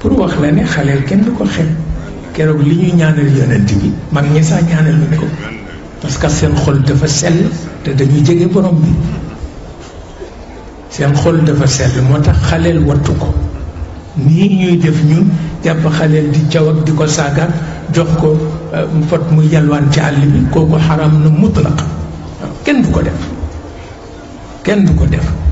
pour wax la ne xaleel kenn du ko xel keroog li ñuy ñaanal yonent bi mag ñi sax ñaanal lu ko parce que seen xol dafa sell te dañuy jege borom bi seen xol dafa sell moo tax xaleel wattu ko ni ñuy def ñun jàpp xaleel di caw ak di ko saagaat jox ko pot mu yalwaan ci àll bi kooku xaram na mutlaq kenn du ko def kenn du ko def